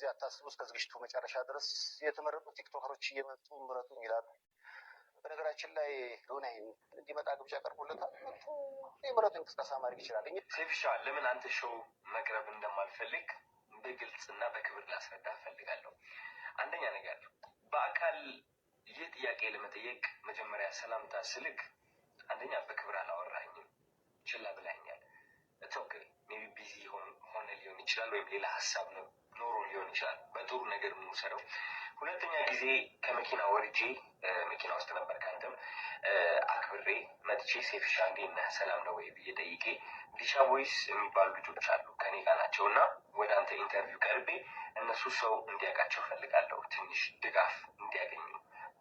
ጊዜ አታስቡ፣ እስከ ዝግጅቱ መጨረሻ ድረስ የተመረጡ ቲክቶከሮች እየመጡ ምረጡ ይላሉ። በነገራችን ላይ ሆነ እንዲመጣ ግብዣ ቀርቦለታል። የምረጡ እንቅስቃሴ ማድረግ ይችላል። ሴፊሻ ለምን አንተ ሾው መቅረብ እንደማልፈልግ በግልጽና በክብር ላስረዳ እፈልጋለሁ። አንደኛ ነገር በአካል ይህ ጥያቄ ለመጠየቅ መጀመሪያ ሰላምታ ስልክ፣ አንደኛ በክብር አላወራኝም፣ ችላ ብላኛል። ኦኬ ቢዚ ሆነ ሊሆን ይችላል፣ ወይም ሌላ ሀሳብ ነው ኖሮ ሊሆን ይችላል። በጥሩ ነገር የምንወስደው ሁለተኛ ጊዜ ከመኪና ወርጄ መኪና ውስጥ ነበር። ከአንተም አክብሬ መጥቼ ሴፍሻ እንዴት ሰላም ነው ወይ ብዬ ጠይቄ ዲሻ ቦይስ የሚባሉ ልጆች አሉ ከኔ ጋር ናቸው እና ወደ አንተ ኢንተርቪው ቀርቤ እነሱ ሰው እንዲያውቃቸው ፈልጋለሁ ትንሽ ድጋፍ እንዲያገኙ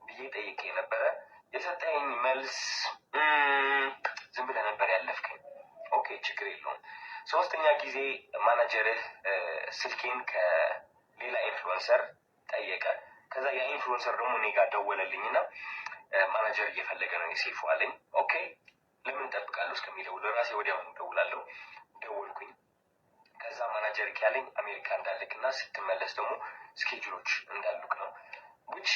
ብዬ ጠይቄ ነበረ። የሰጠኝ መልስ ዝም ብለህ ነበር ያለፍከኝ። ኦኬ ችግር የለውም ሶስተኛ ጊዜ ማናጀርህ ስልኬን ከሌላ ኢንፍሉዌንሰር ጠየቀ። ከዛ ያ ኢንፍሉዌንሰር ደግሞ እኔ ጋር ደወለልኝ እና ማናጀር እየፈለገ ነው የሴፉ አለኝ። ኦኬ ለምን እጠብቃለሁ እስከሚደውል ራሴ ወዲያውኑ ደውላለሁ። ደወልኩኝ። ከዛ ማናጀር ያለኝ አሜሪካ እንዳልክ እና ስትመለስ ደግሞ ስኬጁሎች እንዳሉክ ነው። ውጭ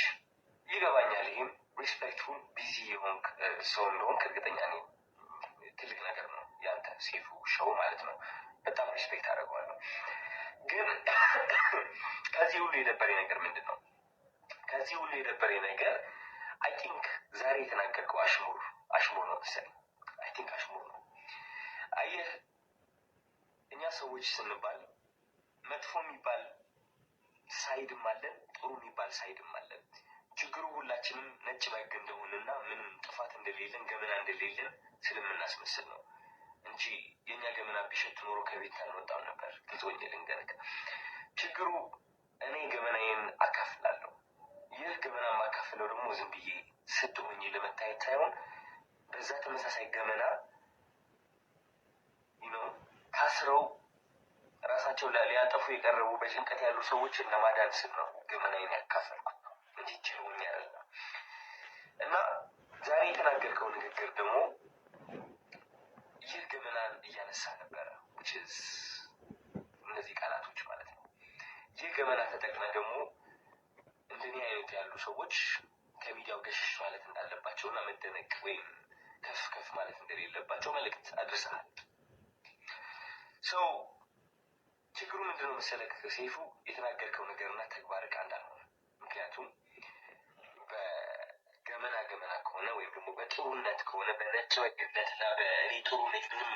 ይገባኛል። ይህም ሪስፔክትፉል ቢዚ የሆንክ ሰው እንደሆንክ እርግጠኛ ነኝ። ነገር ምንድን ነው? ከዚህ ሁሉ የደበሬ ነገር አይ ቲንክ ዛሬ የተናገርከው አሽሙር አሽሙር ነው መሰለኝ። አይ ቲንክ አሽሙር ነው። አየህ እኛ ሰዎች ስንባል መጥፎ የሚባል ሳይድም አለን፣ ጥሩ የሚባል ሳይድም አለን። ችግሩ ሁላችንም ነጭ በግ እንደሆንና ምንም ጥፋት እንደሌለን ገመና እንደሌለን ስለምናስመስል ነው እንጂ የእኛ ገመና ቢሸት ኖሮ ከቤት አልወጣም ነበር። ግልጽ ወንጀል ችግሩ እኔ ገበናዬን አካፍላለሁ። ይህ ገበና ማካፍለው ደግሞ ዝም ብዬ ስድ ሆኜ ለመታየት ሳይሆን በዛ ተመሳሳይ ገመና ነው ታስረው ራሳቸው ሊያጠፉ የቀረቡ በጭንቀት ያሉ ሰዎችን ለማዳን ስል ነው ገመናዬን ያካፈልኩት ነው እንጂ ችሎኝ ያለ እና ዛሬ የተናገርከው ንግግር ደግሞ ይህ ገመናን እያነሳ ነበረ እነዚህ ቃላት ይህ ገመና ተጠቅመን ደግሞ እንደኔ አይነት ያሉ ሰዎች ከሚዲያው ገሽሽ ማለት እንዳለባቸውና መደነቅ ወይም ከፍ ከፍ ማለት እንደሌለባቸው መልእክት አድርሰሃል። ሰው ችግሩ ምንድነው መሰለህ? ከሰይፉ የተናገርከው ነገርና ተግባር ቃ አልሆነ። ምክንያቱም በገመና ገመና ከሆነ ወይም ደግሞ በጥሩነት ከሆነ በነጭ ወግነት እና በእኔ ጥሩነት ምንም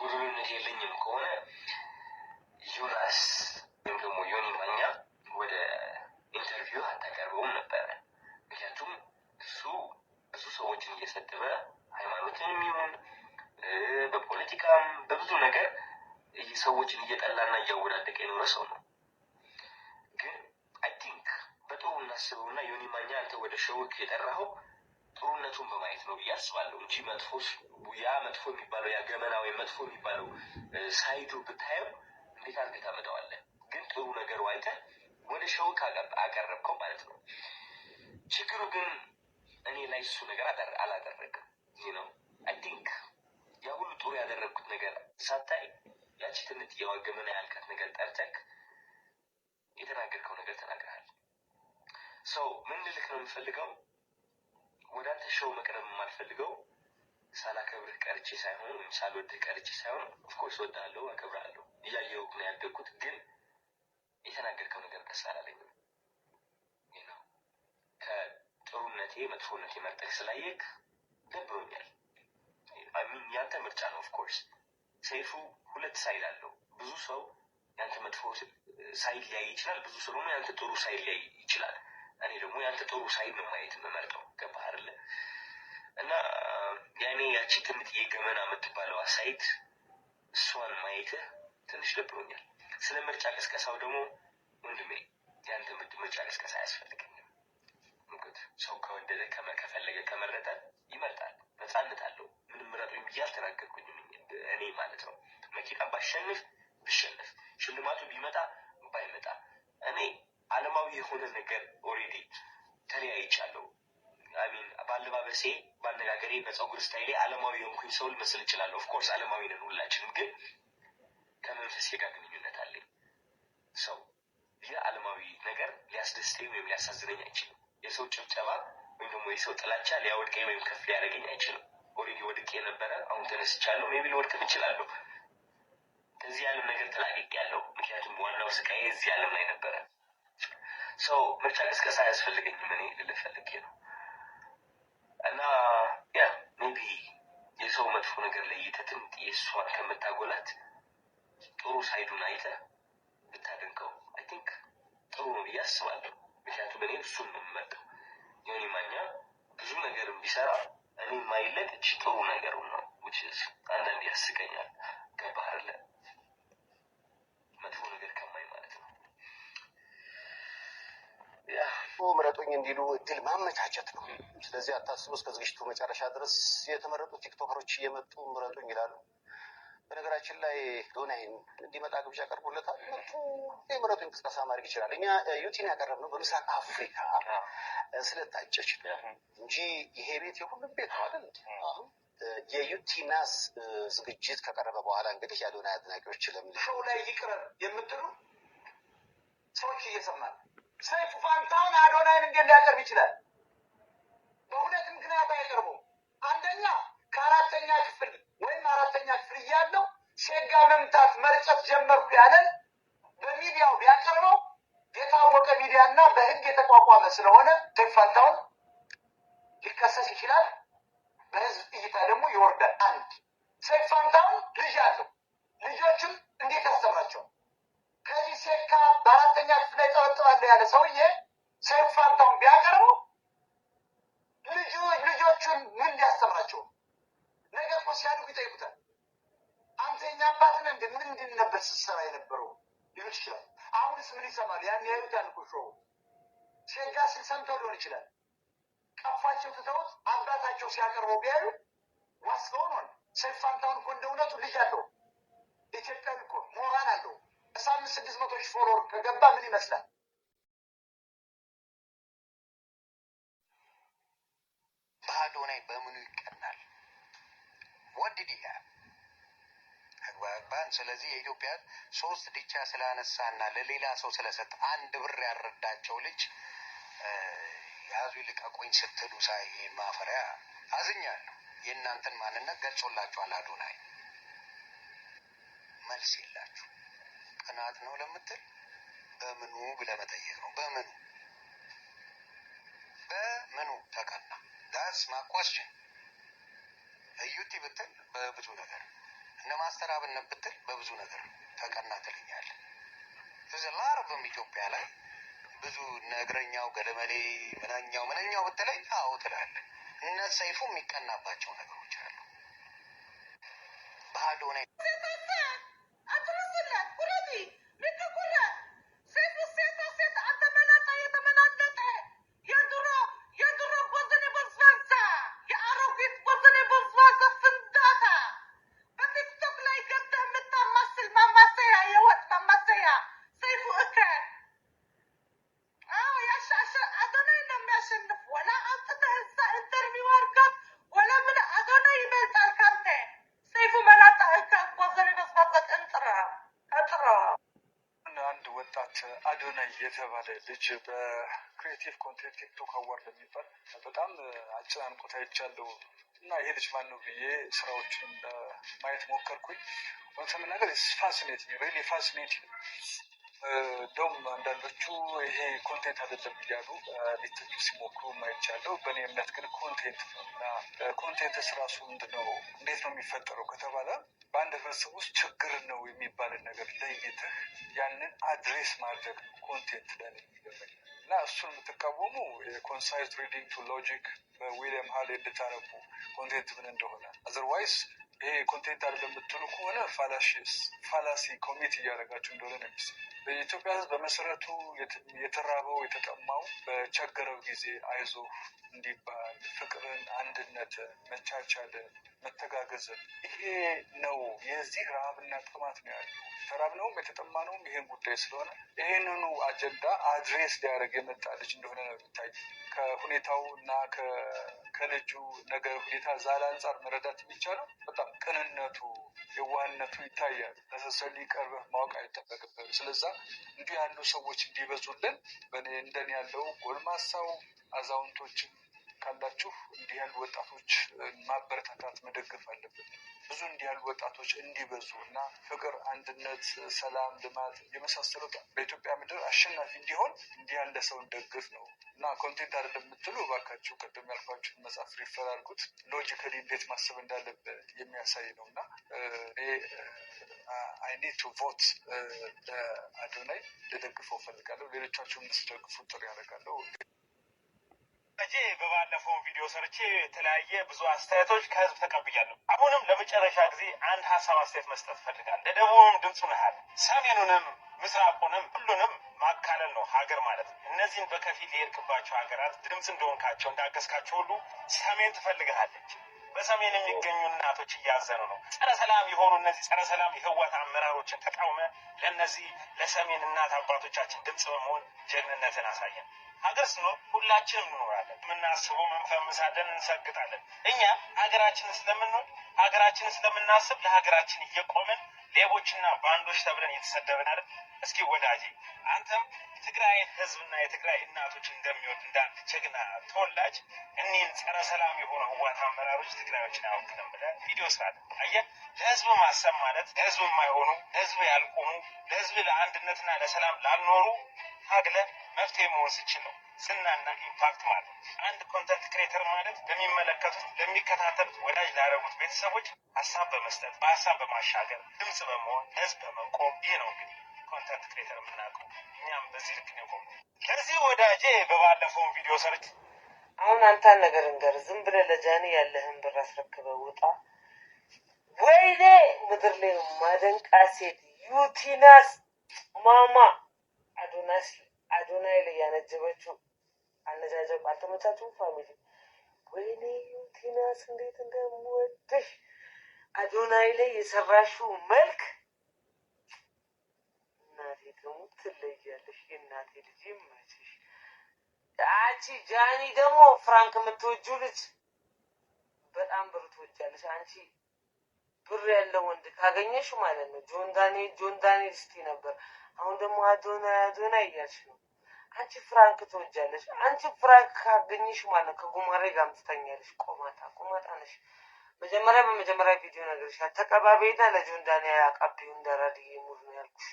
ጉድሉነት የለኝም ከሆነ ዮናስ ግን ደግሞ ዮኒ ማኛ ወደ ኢንተርቪው አታቀርበውም ነበረ። ምክንያቱም እሱ ብዙ ሰዎችን እየሰደበ ሃይማኖትንም ይሁን በፖለቲካም በብዙ ነገር ሰዎችን እየጠላና እያወዳደቀ የኖረ ሰው ነው። ግን አይ ቲንክ በጥሩ እናስበውና ዮኒ ማኛ አንተ ወደ ሸውክ የጠራኸው ጥሩነቱን በማየት ነው ብዬ አስባለሁ እንጂ መጥፎ ያ መጥፎ የሚባለው ያ ገመና ወይም መጥፎ የሚባለው ሳይዱ ብታየው እንዴት አድርገህ ታመጣዋለህ? ግን ጥሩ ነገሩ አይተ ወደ ሸውክ አቀረብከው ማለት ነው። ችግሩ ግን እኔ ላይ እሱ ነገር አላደረግም ነው። አይ ቲንክ ያ ሁሉ ጥሩ ያደረግኩት ነገር ሳታይ ያቺ ትንት የዋገመና ያልካት ነገር ጠርተክ የተናገርከው ነገር ተናግረሃል። ሰው ምን ልልክ ነው የምፈልገው ወደ አንተ ሸው መቅረብ የማልፈልገው ሳላከብርህ ቀርቼ ሳይሆን ወይም ሳልወድህ ቀርቼ ሳይሆን ኦፍኮርስ ወዳለው አከብርሃለሁ እያየሁህ ነው ያደግኩት ግን የተናገርከው ነገር ደስ አላለኝም። ነው ከጥሩነቴ መጥፎነቴ መርጠህ ስላየክ ደብሮኛል። ሚን ያንተ ምርጫ ነው። ኦፍኮርስ ሰይፉ ሁለት ሳይድ አለው። ብዙ ሰው ያንተ መጥፎ ሳይድ ሊያይ ይችላል፣ ብዙ ሰው ደግሞ ያንተ ጥሩ ሳይድ ሊያይ ይችላል። እኔ ደግሞ ያንተ ጥሩ ሳይድ ነው ማየት የምመርጠው። ገባህ አይደለ? እና ያኔ ያቺ ትምጥዬ ገመና የምትባለው አሳይት እሷን ማየትህ ትንሽ ደብሮኛል። ስለ ምርጫ ቀስቀሳው ደግሞ ወንድሜ ያንተ ምድ ምርጫ ቀስቀሳ ቅስቀሳ እንግዲህ ሰው ከወደደ ከፈለገ ከመረጠ ይመርጣል። ነጻነት አለው። ምንም ምረጡኝ ብዬ አልተናገርኩኝም እኔ ማለት ነው። መኪና ባሸንፍ ብሸንፍ ሽልማቱ ቢመጣ ባይመጣ እኔ አለማዊ የሆነ ነገር ኦልሬዲ ተለያይቻለሁ። አሚን ባለባበሴ፣ ባነጋገሬ፣ በፀጉር ስታይሌ አለማዊ የሆንኩኝ ሰው ልመስል እችላለሁ። ኦፍኮርስ አለማዊ ነን ሁላችንም፣ ግን ከመንፈሴ ጋር ሰው ይህ ዓለማዊ ነገር ሊያስደስተኝ ወይም ሊያሳዝነኝ አይችልም። የሰው ጭብጨባ ወይም ደግሞ የሰው ጥላቻ ሊያወድቀኝ ወይም ከፍ ሊያደርገኝ አይችልም። ኦልሬዲ ወድቅ የነበረ አሁን ተነስቻለሁ። ሜቢ ልወድቅም እችላለሁ። ከዚህ ዓለም ነገር ያለው ምክንያቱም ዋናው ስቃዬ እዚህ ዓለም ላይ ነበረ። ሰው ምርጫ ቅስቀሳ አያስፈልገኝም። እኔ ልልፈልግ ነው እና ያ ሜቢ የሰው መጥፎ ነገር ለይተህ የእሷን ከምታጎላት ጥሩ ሳይዱን አይተህ ጥሩ ነው ብዬ አስባለሁ። ምክንያቱም እኔ እሱን ነው የምመርጠው። ዮኒ ማኛ ብዙ ነገር ቢሰራ እኔ ማይለቅ እች ጥሩ ነገሩ ነው። ውጭ አንዳንድ ያስቀኛል። ገባህ አይደለ? መጥፎ ነገር ከማይ ማለት ነው። ምረጡኝ እንዲሉ እድል ማመቻቸት ነው። ስለዚህ አታስቡ። እስከ ዝግጅቱ መጨረሻ ድረስ የተመረጡ ቲክቶከሮች እየመጡ ምረጡኝ ይላሉ። በነገራችን ላይ ዶናይን እንዲመጣ ግብዣ ያቀርቡለታል። መጡ የምረቱ እንቅስቃሴ ማድረግ ይችላል። እኛ ዩቲን ያቀረብነው በምስራቅ አፍሪካ ስለታጨች እንጂ ይሄ ቤት የሁሉም ቤት ነው አይደል? የዩቲናስ ዝግጅት ከቀረበ በኋላ እንግዲህ የአዶናይ አድናቂዎች ለምን ሾው ላይ ይቅረብ የምትሉ ሰዎች እየሰማል ሰይፉ ፋንታውን አዶናይን እንዴት ሊያቀርብ ይችላል? በሁለት ምክንያት አይቀርቡም። አንደኛ ከአራተኛ ክፍል ሸጋ መምታት መርጨት ጀመርኩ ያለን በሚዲያው ቢያቀርበው የታወቀ ሚዲያ እና በህግ የተቋቋመ ስለሆነ ፋንታውን ሊከሰስ ይችላል። በህዝብ እይታ ደግሞ ይወርዳል። አንድ ሴፋንታውን ልጅ አለው። ልጆችም እንዴት ያሰራቸው ከዚህ ሴካ በአራተኛ ክፍል ላይ ጠበጠባለ ያለ ሰውዬ ሴፋንታውን ቢያቀርበው ልጆቹን ምን ሊያስተምራቸው ነገር እኮ ሲያድጉ ይጠይቁታል። ምንድን ምንድን ነበር ስትሰራ የነበረው ይሉሻል። አሁንስ ምን ይሰማል? ያን ያዩታል እኮ ሾው ሴጋ ሲል ሰምተው ሊሆን ይችላል። ቀፋቸው ትተውት አባታቸው ሲያቀርበው ቢያዩ ዋስበውን ሆነ ሰይፉ ፋንታሁን እኮ እንደ እውነቱ ልጅ አለው። ኢትዮጵያዊ እኮ ሞራን አለው። በሳምንት ስድስት መቶ ሺህ ፎሎወር ከገባ ምን ይመስላል? በአዶናይ በምኑ ይቀናል? ወድድ ተግባባን። ስለዚህ የኢትዮጵያ ሶስት ዲቻ ስላነሳና ለሌላ ሰው ስለሰጥ አንድ ብር ያረዳቸው ልጅ ያዙ ይልቀቁኝ ስትሉ ሳይ ማፈሪያ አዝኛለሁ። የእናንተን ማንነት ገልጾላችኋል። አዶናይ መልስ የላችሁ ቅናት ነው ለምትል በምኑ ብለህ መጠየቅ ነው። በምኑ በምኑ ተቀና? ዳስ ማኳስችን እዩቲ ብትል በብዙ ነገር እነ ማስተር አብነት ብትል በብዙ ነገር ተቀና ትልኛል። ላረብም ኢትዮጵያ ላይ ብዙ ነግረኛው ገለመሌ ምናኛው ምናኛው ብትለኝ አዎ ትላለ። እነ ሰይፉ የሚቀናባቸው ነገሮች አሉ። ባህል ሆነ ወጣት አዶናይ የተባለ ልጅ በክሪኤቲቭ ኮንቴንት ቲክቶክ አዋርድ የሚባል በጣም አጨናንቆት አይቻለሁ እና ይሄ ልጅ ማን ነው ብዬ ስራዎቹን ማየት ሞከርኩኝ። እውነት ለመናገር ፋሲኔቲንግ ሪሊ ፋሲኔቲንግ እንደውም አንዳንዶቹ ይሄ ኮንቴንት አይደለም እያሉ ሊተቹ ሲሞክሩ ማይቻለው። በእኔ እምነት ግን ኮንቴንት ነው እና ኮንቴንትስ ራሱ ነው? እንዴት ነው የሚፈጠረው ከተባለ በአንድ ህብረተሰብ ውስጥ ችግር ነው የሚባልን ነገር ለይተህ ያንን አድሬስ ማድረግ ነው ኮንቴንት ለ እና እሱን የምትቃወሙ የኮንሳይዝ ሪዲንግ ቱ ሎጂክ በዊሊያም ሀል እንድታነቡ ኮንቴንት ምን እንደሆነ አዘርዋይስ ይሄ ኮንቴንት አይደለም የምትሉ ከሆነ ፋላሲ ኮሚት እያደረጋችሁ እንደሆነ ነው የሚስ በኢትዮጵያ ሕዝብ በመሰረቱ የተራበው የተጠማው በቸገረው ጊዜ አይዞ እንዲባል ፍቅርን፣ አንድነትን፣ መቻቻልን፣ መተጋገዝን ይሄ ነው የዚህ ረሃብና ጥማት ነው ያለው። የተጠማ የተጠማነውም ይህን ጉዳይ ስለሆነ ይህንኑ አጀንዳ አድሬስ ሊያደርግ የመጣ ልጅ እንደሆነ ነው የሚታይ። ከሁኔታው እና ከልጁ ነገር ሁኔታ ዛለ አንጻር መረዳት የሚቻለው በጣም ቅንነቱ፣ የዋህነቱ ይታያል። ተሰሰል ሊቀርበህ ማወቅ አይጠበቅብህም። ስለዛ እንዲህ ያሉ ሰዎች እንዲበዙልን እንደን ያለው ጎልማሳው አዛውንቶችም ካላችሁ እንዲህ ያሉ ወጣቶች ማበረታታት መደገፍ አለብን። ብዙ እንዲያሉ ወጣቶች እንዲበዙ እና ፍቅር፣ አንድነት፣ ሰላም፣ ልማት የመሳሰሉት በኢትዮጵያ ምድር አሸናፊ እንዲሆን እንዲያለ ያለ ሰው እንደግፍ ነው እና ኮንቴንት አይደለም የምትሉ እባካችሁ ቅድም ያልኳችሁን መጽሐፍ ሪፈር አድርጉት። ሎጂካሊ እንዴት ማሰብ እንዳለበት የሚያሳይ ነው እና አይ ቱ ቮት አዶናይ ልደግፈው ፈልጋለሁ። ሌሎቻችሁም ምስደግፉ ጥሪ ያደርጋለሁ። እጄ በባለፈው ሰርቼ የተለያየ ብዙ አስተያየቶች ከህዝብ ተቀብያለሁ። አሁንም ለመጨረሻ ጊዜ አንድ ሀሳብ አስተያየት መስጠት ፈልጋል ለደቡብም ድምፁ ነሃል፣ ሰሜኑንም፣ ምስራቁንም ሁሉንም ማካለል ነው ሀገር ማለት ነው። እነዚህን በከፊል የሄድክባቸው ሀገራት ድምፅ እንደሆንካቸው እንዳገዝካቸው ሁሉ ሰሜን ትፈልግሃለች። በሰሜን የሚገኙ እናቶች እያዘኑ ነው። ጸረ ሰላም የሆኑ እነዚህ ጸረ ሰላም የህወሓት አመራሮችን ተቃውመ ለእነዚህ ለሰሜን እናት አባቶቻችን ድምፅ በመሆን ጀግንነትን አሳየን። ሀገር ስኖር ሁላችንም እንኖራለን። የምናስበው መንፈምሳለን፣ እንሰግጣለን። እኛ ሀገራችን ስለምንወድ ሀገራችን ስለምናስብ ለሀገራችን እየቆምን ሌቦችና ባንዶች ተብለን እየተሰደብን አይደል? እስኪ ወዳጄ አንተም የትግራይ ህዝብና የትግራይ እናቶች እንደሚወድ እንዳንድ ጀግና ተወላጅ እኒህን ጸረ ሰላም የሆኑ ህዋት አመራሮች ትግራዮችን አያወክልም ብለህ ቪዲዮ ስራለ። አየህ፣ ለህዝብ ማሰብ ማለት ለህዝብ የማይሆኑ ለህዝብ ያልቆሙ ለህዝብ ለአንድነትና ለሰላም ላልኖሩ ታግለን መፍትሄ መሆን ስችል ነው ዝናና ኢምፓክት ማለት አንድ ኮንተንት ክሬተር ማለት ለሚመለከቱት ለሚከታተሉት ወዳጅ ላደረጉት ቤተሰቦች ሀሳብ በመስጠት በሀሳብ በማሻገር ድምፅ በመሆን ህዝብ በመቆም ይህ ነው እንግዲህ ኮንተንት ክሬተር የምናውቀው እኛም በዚህ ልክ ነው ቆም ለዚህ ወዳጄ በባለፈውን ቪዲዮ ሰርች አሁን አንታን ነገር እንገር ዝም ብለ ለጃኒ ያለህን ብር አስረክበ ውጣ ወይኔ ምድር ላይ ማደንቃ ሴት ዩቲናስ ማማ አዶናይ ላይ ያነጀበችው አነጃጀብ አልተመቻችሁም? ፋሚሊ ወይኔ ቲናስ እንዴት እንደምወድሽ አዶናይ ላይ የሰራሽው መልክ እናቴ ትሙት ትለያለሽ። የእናቴ ልጅ ይመችሽ። አቺ ጃኒ ደግሞ ፍራንክ የምትወጁ ልጅ በጣም ብር ትወጃለሽ አንቺ ብር ያለው ወንድ ካገኘሽ ማለት ነው። ጆን ዳንኤል ጆን ዳንኤል ስቲ ነበር አሁን ደግሞ አዶናይ አዶናይ እያልሽ ነው። አንቺ ፍራንክ ትወጃለሽ። አንቺ ፍራንክ ካገኘሽ ማለት ከጉማሬ ጋር ትተኛለሽ። ቆማታ ቆማታ ነሽ። መጀመሪያ በመጀመሪያ ቪዲዮ ነገርሻል። ተቀባቤና ለጆ እንዳኔ አቃቢው እንደረድ ሙዝ ነው ያልኩሽ።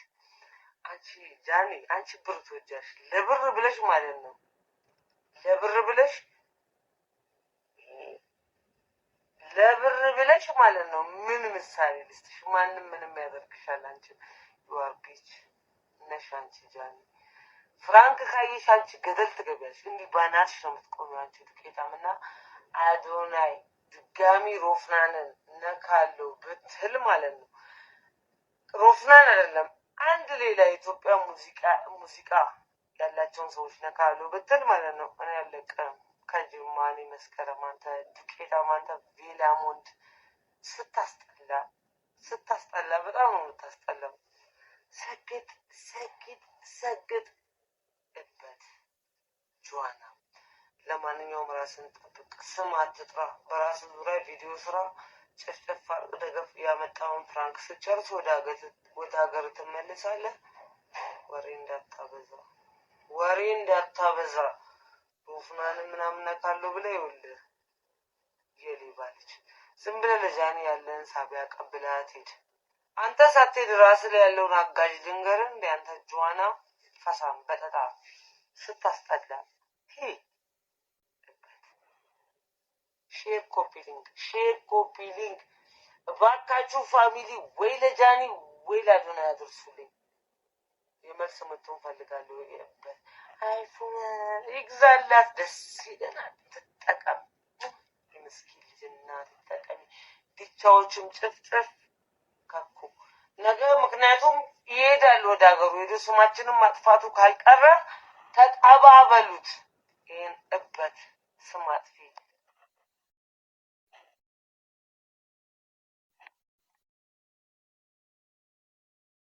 አንቺ ጃኒ አንቺ ብር ትወጃለሽ። ለብር ብለሽ ማለት ነው ለብር ብለሽ ለብር ብለሽ ማለት ነው። ምን ምሳሌ ልስጥሽ? ማንም ምንም ያደርግሻል። አንቺ ዩአር ቢች ነሽ አንቺ ጃኒ ፍራንክ ካየሽ አንቺ ገደል ትገቢያለሽ። እንዲህ ባናትሽ ነው የምትቆሚው አንቺ ዱቄታም እና አዶናይ ድጋሚ ሮፍናንን ነካለው ብትል ማለት ነው ሮፍናን አይደለም አንድ ሌላ የኢትዮጵያ ሙዚቃ ሙዚቃ ያላቸውን ሰዎች ነካለው ብትል ማለት ነው እኔ አለቀም ከጅማ እኔ መስከረም አንተ ዱቄታም አንተ ቬላሞንድ ስታስጠላ ስታስጠላ በጣም ነው የምታስጠላው። ሰግድ ሰግጥ ሰግጥበት ጆዋና። ለማንኛውም ራስን ጠብቅ፣ ስም አትጥራ፣ በራስ ዙሪያ ቪዲዮ ስራ፣ ጭፍጭፍ አርቅ ደገፍ። ያመጣውን ፍራንክ ስጨርስ ወደ ሀገር ትመልሳለህ። ወሬ እንዳታበዛ፣ ወሬ እንዳታበዛ። ሩፍናን ምናምን ነካለሁ ብለህ ይኸውልህ፣ የሌባ ልጅ ዝም ብለህ ለጃኒ ያለህን ሳቢያ ቀብለህ አትሄድ። አንተ ሳትሄድ ራስ ላይ ያለውን አጋዥ ድንገርን እንደ አንተ ጆዋና ፈሳም በጠጣ ስታስጠላ ሼር ኮፒ ሊንክ ሼር ኮፒ ሊንክ እባካችሁ ፋሚሊ ወይ ለጃኒ ወይ ላዶና ያደርሱልኝ። የመልስ ምት ፈልጋለሁ። አይፎን ይግዛላት፣ ደስ ይለናል። ትጠቀም የምስኪን ልጅ እናት ትጠቀሚ። ዲቻዎችም ጭፍጭፍ ከኩ ነገ ምክንያቱም ይሄዳል ወደ ሀገሩ ሄዶ ስማችንም ማጥፋቱ ካልቀረ ተጠባበሉት። ይህን እበት ስማት